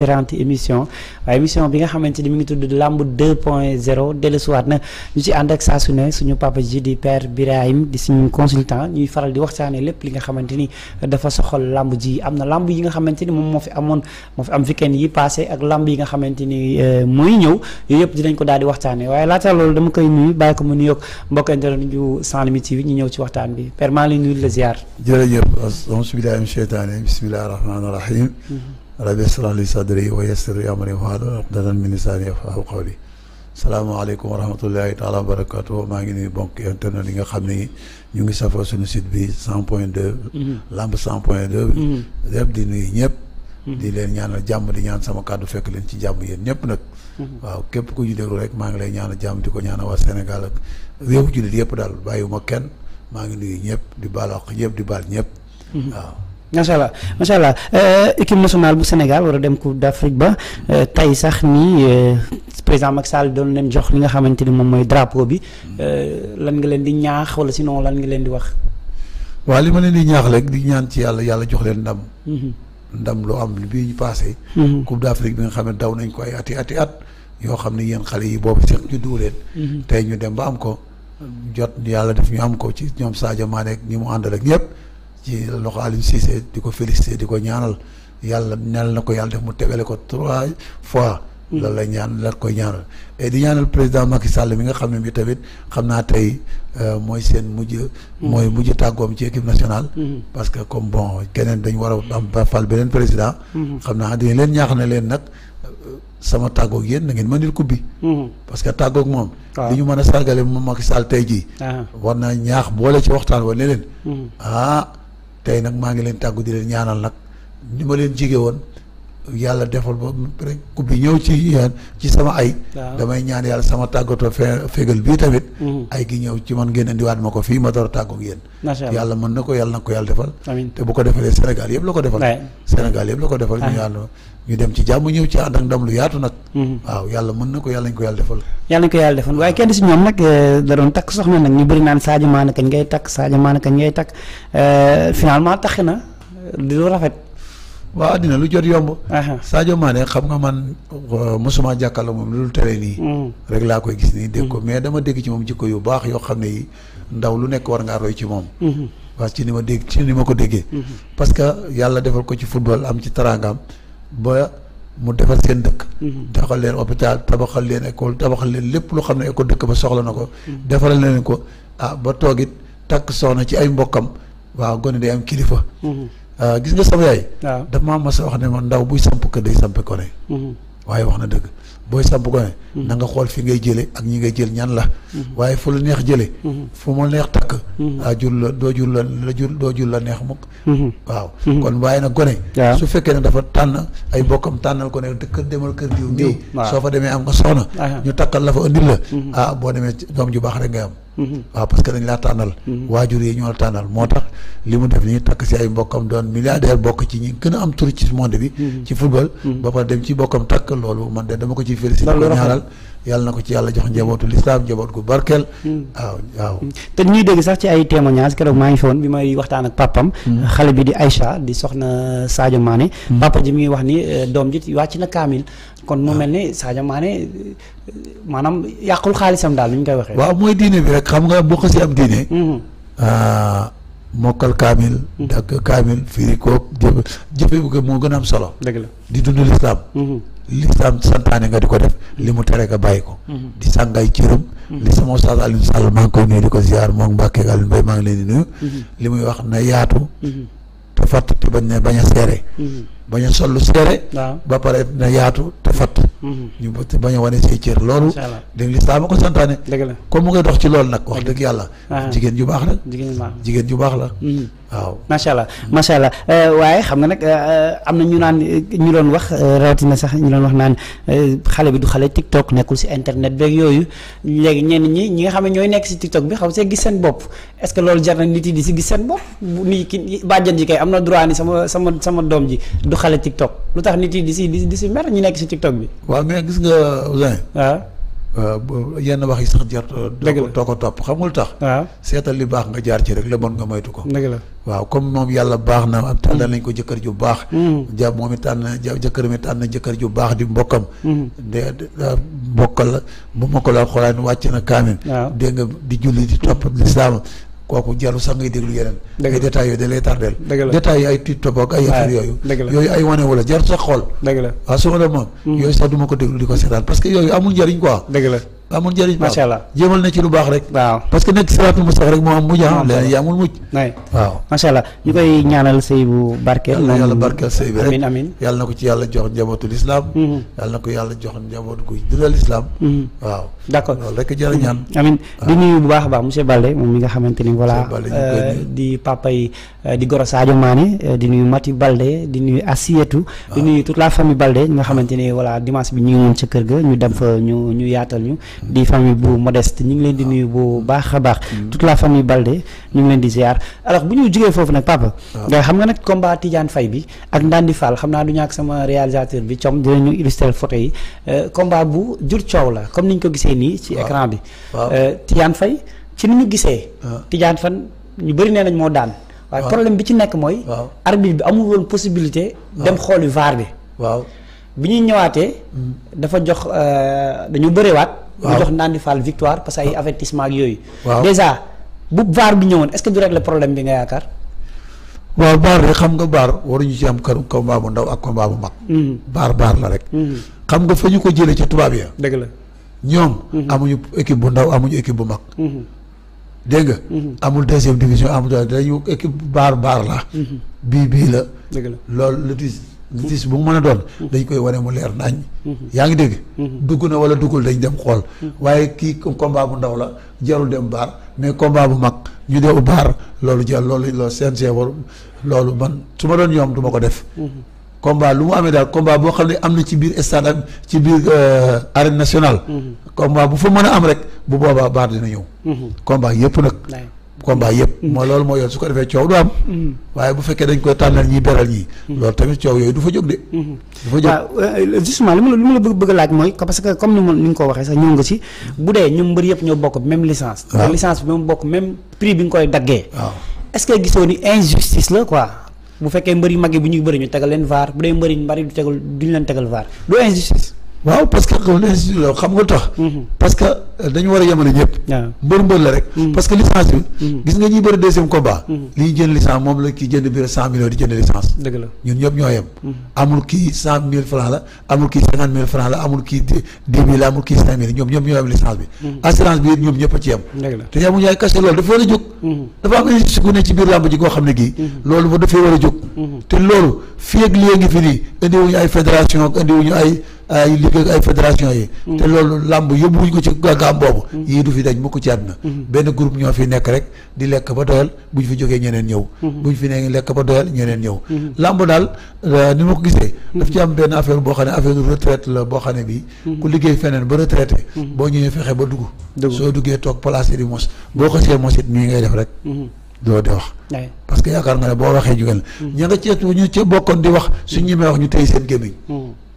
différentes émission waaye émission bi nga xamante ni mu ngi tudd làmb 2 point 0 dellusiwaat na ñu ci ànd ak saa su ne suñu papa ji di père Birahim di suñu consultant ñuy faral di waxtaanee lépp li nga xamante ni dafa soxal làmb ji am na làmb yi nga xamante ni moom moo fi amoon moo fi am weekend yi passé ak làmb yi nga xamante ni euh, mooy ñëw yooyu yëpp dinañ ko daal di waxtaanee waaye laata loolu dama koy nuyu bàyyi ko mu nuyoog mbokk internet ñu sans limite TV ñu ñëw ci waxtaan bi père maa ngi lay nuyu la ziar. jërëjëf asalaamaaleykum bisimilah rahmaani rabbi israh li sadri wa yassir li amri wahlul uqdatan min lisani yafqahu qawli salaamaaleykum wa rahmatullahi taala wa barakatuh maa ngi nuyu mbokk internet yi nga xam ni ñu ngi safoo suñu site bi cent point deux mm-hmm. lamb cent point deux mm-hmm. yëpp di nuyu ñëpp mm-hmm. di leen ñaanal jàmm di ñaan sama kàddu fekk leen ci jàmm yéen ñëpp nag waaw képp ku ñu déglu rek maa ngi lay ñaanal jàmm di ko ñaanal waa Sénégal ak réew jullit yëpp daal ma kenn maa ngi nuyu ñëpp di baal wax di baal ñëpp macha allah macha allah euh, équipe nationale bu Sénégal war a dem Coupe d'Afrique ba euh, tey sax ni euh, président Macky Sall doon leen jox li nga xamante ni moom mooy drapeau bi lan nga leen di ñaax si sinon lan nga leen di wax. waaw li ma leen di ñaax rek di ñaan ci yàlla yàlla jox leen ndam. Mhm. ndam loo am bii ñu passé. Mhm. Coupe d'Afrique bi nga xam ne daw nañ ko ay ati ati at yoo xam ne yéen xale yi boobu sax ñu duw leen. Mhm. ñu dem ba am ko jot yàlla def ñu am ko ci ñoom Sadio Mané ak ñi mu àndal ci loxo Aliou Cissé di ko félicité di ko ñaanal yàlla ñaanal na ko yàlla def mu tegale ko trois fois. Mm. loolu la ñaan la koy ñaanal et di ñaanal président Macky Sall mi nga xam ne bi tamit xam naa tey euh, mooy seen mujj. Mm. mooy mujj tàggoom ci équipe nationale. Mm. parce que comme bon keneen dañ war a am fal beneen président. xam naa dañ leen ñaax ne leen nag euh, sama tàggoog yéen na ngeen mën di kubbi. parce que tàggoog moom. li ñu mën a sargale moom Macky Sall tey jii. Ah. war naa ñaax boole tey nag maa ngi leen tàggu di leen ñaanal nag ni ma leen jige woon yàlla defal ba rek ku bi ñëw ci ci sama ay. damay ñaan yàlla sama tàggatoo fe fegal bii tamit. Mm-hmm. ay gi ñëw ci man ngeen indiwaat ma ko fii ma door a tàggoog yéen. yàlla mën na ko yàlla na ko yàlla defal. amiin te bu ko defalee Sénégal yëpp la ko defal. Sénégal yëpp la ko defal ñu ah. yàlla ñu dem ci jàmm ñëw ci ànd ak ndam lu yaatu nag. Mm-hmm. waaw yàlla mën na ko yàlla ñu ko yàlla defal. yàlla ñu ko yàlla defal waaye kenn si ñoom nag eh, da doon takk soxna nag ñu bëri naan Sadio Mané kañ ngay takk Sadio Mané waaw àddina lu jot yomb. Sadio Mané xam nga man euh, mosuma jàkkaarloo moom lu dul tere nii. Hmm. rek laa koy gis nii dégg hmm. ko mais dama dégg ci moom jikko yu baax yoo xam ne yi ndaw lu nekk war ngaa roy ci moom. parce hmm. ci ni ma dégg ci ni ma ko déggee. parce que yàlla defal ko ci football am ci taraangam ba mu defar seen dëkk. taxal leen hôpital tabaxal leen école tabaxal leen lépp lu xam ne école dëkk ba soxla na ko. defaral leen ko ah ba toogit takk soxna ci ay mbokkam waaw gone day kilifa. Euh, gis nga sama yaay. waaw am ma sa wax ne ma ndaw buy samp kër day samp ko mm-hmm. waaye wax na dëgg booy samp ko ne. Mm-hmm. na nga xool fi ngay jëlee ak ñi ngay jël ñan la. Mm-hmm. waaye fu la neex jële fu ma neex takk. ah jur la doo jur la la jur doo la neex mukk. waaw kon waaye nag gone. su fekkee ne dafa tànn ay bokkam tànnal ko ne kër demal kër diw. diw soo fa demee am nga soxna. ñu takkal la fa andil la. Ah, boo demee doom ju baax rek ngay am. Mm-hmm. waaw parce que dañ laa tànnal mm-hmm. waajur yi ñoo tànnal moo tax li mu def nii takk si ay mbokkam doon milliardaire bokk ci ñi gën a am tur ci monde bi mm-hmm. ci football ba pare dem ci bokkam takk loolu man de dama ko ci félicité ko ñaanal yàlla na ko ci yàlla jox njabootu lislaam njaboot gu barkeel. Hmm. waaw waaw. Hmm. te ñuy dégg sax ci ay témoignages keroog maa ngi fi woon bi may waxtaan ak papam hmm. xale bi di Aïcha di soxna Sadio Mané. papa ji mi ngi wax ni euh, doom ji wàcc na kaamil. kon mu ah. mel ni saajo maane euh, maanaam yàqul xaalisam daal ni ñu koy waxee. waaw mooy diine bi rek xam nga boo si am diine. Ah, mokkal kaamil. dagg kaamil firi koog jëfe jëfe moo gën a am solo. dëgg la di dund lislaam li sam santaane nga di ko def li mu tere nga bàyyi ko mhm. di sàngay cëram mhm. li sama oustaz Alioune Sall maa ngi koy nuyu di ko ziar moom Mbacke ak Alioune Mbaye maa ngi leen di nuyu mhm. li muy wax na yaatu te fatt te bañ ne bañ a seere bañ a sollu seere ba pare na yaatu te fatt ñu bañ a wane say cër loolu dégg li saa ma ko santaane comme mu ngay dox ci lool nag wax dëgg yàlla ah. jigéen ju baax la jigéen ju baax la waaw macha allah macha allah euh, waaye xam nga nag euh, euh, am na ñu naan ñu loon wax rawatina sax ñu loon wax naan xale bi du xale TikTok nekkul si internet beeg yooyu léegi ñeen ñi ñi nga xam ne ñooy nekk si TikTok bi xaw see gis seen bopp est-ce que loolu jar na nit yi di si gis seen bopp nii ki bàjjan ji kay am na droit ni sama sama sama doom ji du xale TikTok lu tax nit yi di si di si mer ñu nekk si TikTok bi. waaw mais gis nga waaw. Euh, yenn wax yi sax jar. Euh, dëgg la doo ko topp xamul tax. waaw seetal li baax nga jaar ci rek la bon nga moytu ko. dëgg la waaw comme moom yàlla baax na am tànn mm. nañ ko jëkkër ju baax. Mm. ja moom it tànn jëkkër mi tànn jëkkër ju baax di mbokkam. Mm. de mbokkal bu ma ko la xoolaan wàcc na kaamin. waaw dégg nga di julli di topp lislaam kooku jaru sax ngay déglu yeneen ay détails yooyu da lay tardeel détails yi ay tiit topp ay affaire yooyu yooyu ay wane wala jaru sax xool waaw ah, su ma moom mm. yooyu sax du ma ko déglu di ko seetaan parce yooyu amul njariñ quoi amul njëriñ macha allah jéemal na ci lu baax rek waaw parce que nekk siraatul mustaqiim rek moo am mujj ah leen yi amul mujj waaw macha allah ñu koy ñaanal sëy bu barkeel yàlla barkeel amin amin yàlla na ko ci yàlla jox njabootu lislaam mm-hmm. ko yàlla jox njaboot gu dundal mm-hmm. waaw d' accord rek jërë mm-hmm. ah. bu baax a baax monsieur Baldé moom mi nga xamante ni voilà euh, di papa yi euh, di goro Sadio Mané di nuy Mati Baldé di nuyu Asietu di ah. nuyu toute la famille Baldé ñi nga xamante ni voilà dimanche bi ñu ngi woon kër ga ñu dem fa ñu ñu yaatal ñu di famille bu modeste ñu ngi leen di nuyu bu baax a baax. Mm-hmm. toute la famille Balde ñu ngi leen di ziar alors bu ñu jugee foofu nag papa. Ah. nga xam nga nag combat Tidiane fay bi ak Ndandi Fall xam naa du ak sama réalisateur bi com dinañu illustrer photo yi euh, combat bu jur coow la comme ni ñu ko gisee nii. ci ah. écran bi. Ah. Euh, Tidiane Faye ci ni ñu gisee. Tidiane fan ñu bëri nee nañ moo daan. waaye problème bi ci nekk mooy. arbitre bi amul woon possibilité. dem xooli vaar bi. waaw bi ñuy ñëwaatee. Mm. dafa jox euh, dañu bëriwaat. ñu jox Nandi Fall victoire parce que ay ah. avertissement ak yooyu déjà bu VAR bi ñëwoon est-ce que du régler problème bi nga yaakaar waaw baar rek xam nga baar waruñu ci am ko combat bu ndaw ak combat bu mag. baar mhm. baar la rek. Mhm. xam nga fa ñu ko jëlee ci tubaab ya. dëgg la ñoom. Mhm. amuñu équipe bu ndaw amuñu équipe bu mag. dégg nga. amul deuxième division amul dañu équipe baar baar la. bii bii la. dëgg la loolu le litis bu mu mën a doon dañ koy wane mu leer nañ uhuh. yaa ngi dégg uhuh. dugg na wala duggul dañ dem xool uhuh. waaye kii komba bu ndaw la jarul dem baar mais combat bu mag ñu bu baar loolu jar loolu loolu CNG war loolu man su ma doon ñoom du ko def combat lu mu amee daal combat boo xam ne am na ci biir stade am ci biir euh, arène national combat bu fa mën a am rek bu boobaa baar dina ñëw combat yëpp nag combat yëpp. Mm-hmm. moo loolu moo yoon su ko defee coow du am. Mm-hmm. waaye bu fekkee dañ koy tànnal ñi beral ñi. Mm-hmm. loolu tamit coow yooyu du fa jóg de. Euh, justement li ma la li ma la bëgg bëgg laaj mooy parce que comme ni ma ni nga ko waxee sax ñëw nga ci bu dee ñoom mbër yëpp ñoo bokk même licence. licence bi mu bokk même prix bi nga koy daggee. waaw est-ce que gisoo ni injustice la quoi. bu fekkee mbër yu mag yi bu ñuy bëri ñu tegal leen vaar bu dee mbër yu bari du tegal leen waaw parce xam nga institut la mm-hmm. euh, dañu war a yemale ñëpp. mbër mbër la rek. Mm-hmm. parce que bi. Mm-hmm. gis nga ñuy bëri deuxième combat. li ñuy jënd licence moom la kii jënd biir la amul kii cent mille franc ñoom ñoom ñoo bi. assurance bi ñoom ñëpp ci yem. te yamuñu ay cachet loolu dafa war a jóg. dafa am institut ku ne ci biir làmb ji koo xam ne kii. loolu ba dafay war a jóg. te loolu fii ak léegi fi nii indiwuñu ay fédération ak indiwuñu ay ay liggéey ak ay fédération yi mm. te loolu làmb yóbbuwuñu ko ci gàggaam boobu mm. yii du fi dañ mukk ci àdduna mm-hmm. benn groupe ñoo fi nekk rek di lekk ba doyal buñ fi jógee ñeneen ñëw bu mm-hmm. buñ fi ne lekk ba doyal ñeneen ñëw mm-hmm. làmb daal euh, ni ma ko gisee daf ci am benn affaire boo xam ne affaire retraite la boo xam ne bii ku liggéey feneen ba retraité boo ñëwee fexe ba dugg soo duggee toog place yi di mos boo xasee mosit ngay def rek doo di wax. parce que yaakaar nga ne boo waxee jigéen mm. ña nga ceeb ñu ca bokkoon di wax su ñemee wax ñu tey seen gémmiñ. Mm.